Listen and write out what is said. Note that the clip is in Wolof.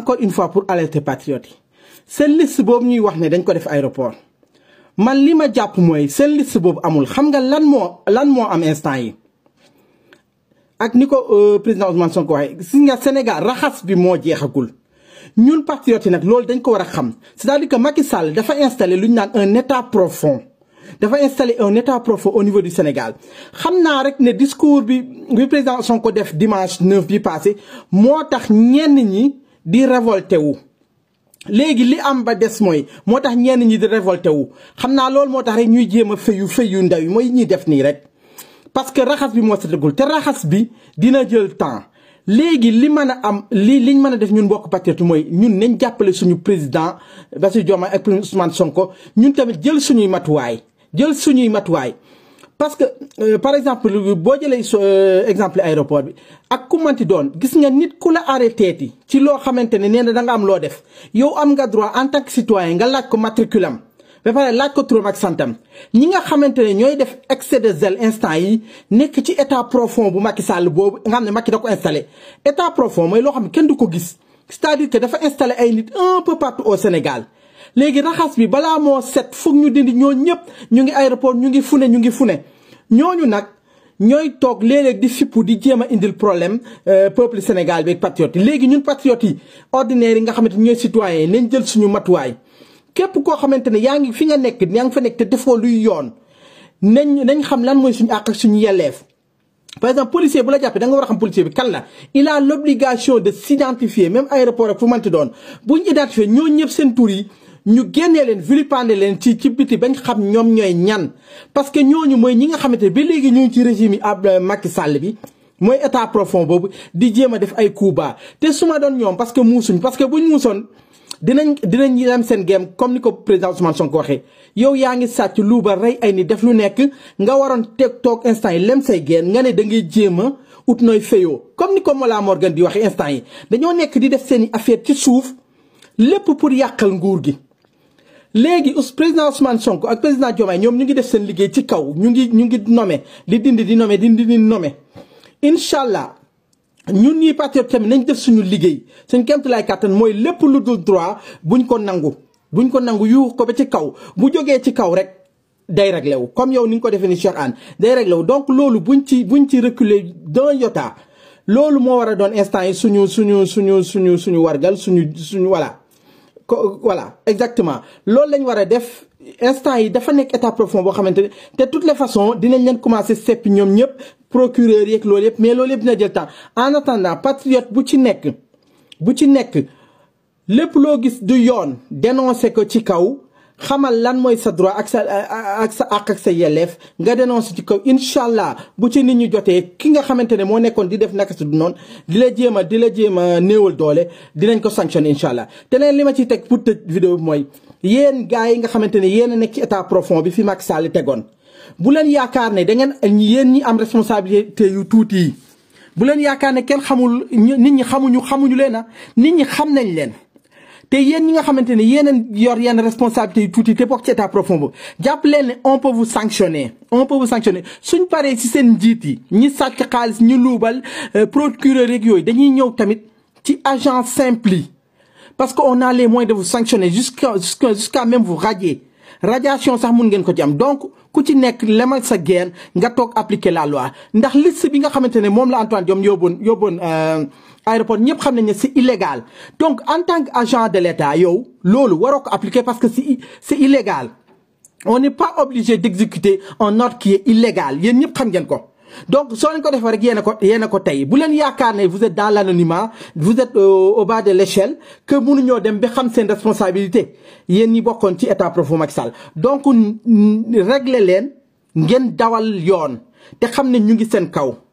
encore une fois pour alerter patriotes C'est liste ñuy wax dañ ko def ma liste amul xam nga am instant yi ak euh, président Ousmane Sonko Sénégal bi ñun dañ ko c'est-à-dire que Macky Sall installer un état profond dafa installer un état profond au niveau du Sénégal xamna rek ne discours bi président Sonko def dimanche 9 bi passé motax ñenn di révolté wu léegi li am ba des mooy moo tax ñenn ñi di révolté wu xam naa loolu moo tax rek ñuy jéem a fëyu fëyu ndaw yi mooy ñuy def nii rek parce que raxas bi moo setagul te raxas bi dina jël temps léegi li mën a am li liñ mën a def ñun bokk patriote mooy ñun nañ jàppale suñu président Bassirou Diomaye ak Ousmane Sonko ñun tamit jël suñuy matuwaay jël suñuy matuwaay parce que euh, par exemple boo jëlee euh, exemple aéroport bi ak ku manti doon gis nga nit ku la arrêté ti ci loo xamante ne nee na da nga am loo def yow am nga droit en tant que citoyen nga laaj ko matriculam ba pare laaj ko turam ak santam ñi nga xamante ne ñooy def excès de zèle instant yi nekk ci état profond bu Macky Sall boobu nga xam ne Macky da ko installé état profond mooy loo xam ne kenn du ko gis cest à dafa installé ay nit un peu partout au Sénégal léegi raxas bi balaa moo set foog ñu dindi ñoo ñëpp ñu ngi aéroport ñu ngi fu ne ñu ngi fune ñooñu nag ñooy toog léeg di fippu di jéem a indil problème euh, peuple Sénégal bi ak patriote léegi ñun patriote yi ordinaire yi nga xamante ñooy citoyens yi nañ jël suñu matuwaay képp koo xamante ne yaa ngi fi nga nekk ñaa ngi fa nekk te defoo luy yoon nañ nañ xam lan mooy suñu àq suñu yelleef par exemple policier bu la jàppee da nga war a xam policier bi kan la il l'obligation de s'identifier même aéroport ak fu manti doon bu ñu identifier ñoo ñëpp seen tur yi ñu génne leen vilipande leen ci ci biti bañ xam ñoom ñooy ñan parce que ñooñu mooy ñi nga xamante ne ba léegi ñu ngi ci régime yi ab euh, Macky sàll bi mooy état profond boobu di jéem a def ay coups te su ma doon ñoom parce que muusuñ parce que buñ muusoon dinañ dinañ dem seen game comme ni ko président Ousmane ko waxee yow yaa ngi sàcc lu ba rey ay ni def lu nekk nga waroon teg toog instant yi lem say geen nga ne da ngay jéem a ut nooy feyoo comme ni ko Mollah Morgan di waxee instant yi dañoo nekk di def seen i affaire ci suuf lépp pour yàqal nguur gi léegi us président Ousmane Sonko ak président Diomaye ñoom ñu ngi def seen liggéey ci kaw ñu ngi ñu ngi di dindi di nommé di dindi di nome incha allah ñun ñi patriote tamit nañu def suñu liggéey suñ kemt lay mooy lépp lu dul droit buñ ko nangu buñ ko nangu yuux ko ba ci kaw bu jógee ci kaw rek day réglé wu comme yow ni nga ko defee ni Cheikh Anne day réglé wu donc loolu buñ ci buñ ci reculer d'un iota loolu moo war a doon instant yi suñu suñu suñu suñu suñu wargal suñu suñu voilà voilà exactement loolu lañ wara def instant yi dafa nek état profond bo xamanteni té toutes les façons dinañ len commencer seppi ñom ñëpp procureur yeeg loolu mais loolu yëpp dina jël temps en attendant patriote bu ci nek bu ci nek lepp lo gis du yoon dénoncé ko ci kaw xamal lan mooy sa droit ak sa ak sa àq sa yelleef nga si ci kaw incha allah bu ci nit ñu jotee ki nga xamante ne moo nekkoon di def naka si du noonu di la jéem a di la jéem a néewal doole dinañ ko sanctionné incha allah te leen li ma ciy teg pour tëj vidéo bi mooy yéen gars yi nga xamante ne yéen a nekk ci état profond bi fi Macky saali tegoon bu leen yaakaar ne da ngeen yéen ñi am responsabilité yu tuuti yi bu leen yaakaar ne kenn xamul nit ñi xamuñu xamuñu leen a nit ñi xam nañ leen te yéen ñi nga xamante ne yor yenn responsabilité yu tuuti te bokk ci état profond boobu jàpp on peut vous sanctionner on peut vous sanctionner suñ pas ci sen njiit yi ñi sacc xaalis ñi loubal euh, procureur rek yoy dañuy ñëw tamit ci agent simple parce qu'on a les moyens de vous sanctionner jusqu'à jusqu'à jusqu'à même vous radier radiation sax mun ngeen ko ci am donc ku ci nekk lemal sa geen nga toog appliquer la loi ndax liste bi nga xamante ne moom la Antoine Diome yóbboon yóbboon euh, aéroport ñëpp xam nañ ne c'est illégal donc en tant que agent de l'État yow loolu waroo ko appliquer parce que c'est c'est illégal on n'est pas obligé d'exécuter un ordre qui est illégal yéen ñëpp xam ngeen ko donc soo leen ko defee rek yéen ko yéen ko bu ne vous êtes dans l'anonymat vous êtes euh, au bas de l'échelle que mënuñoo dem ba xam seen responsabilité yéen ñi bokkoon ci état profond Macky donc régler leen ngeen dawal yoon te xam ñu ngi kaw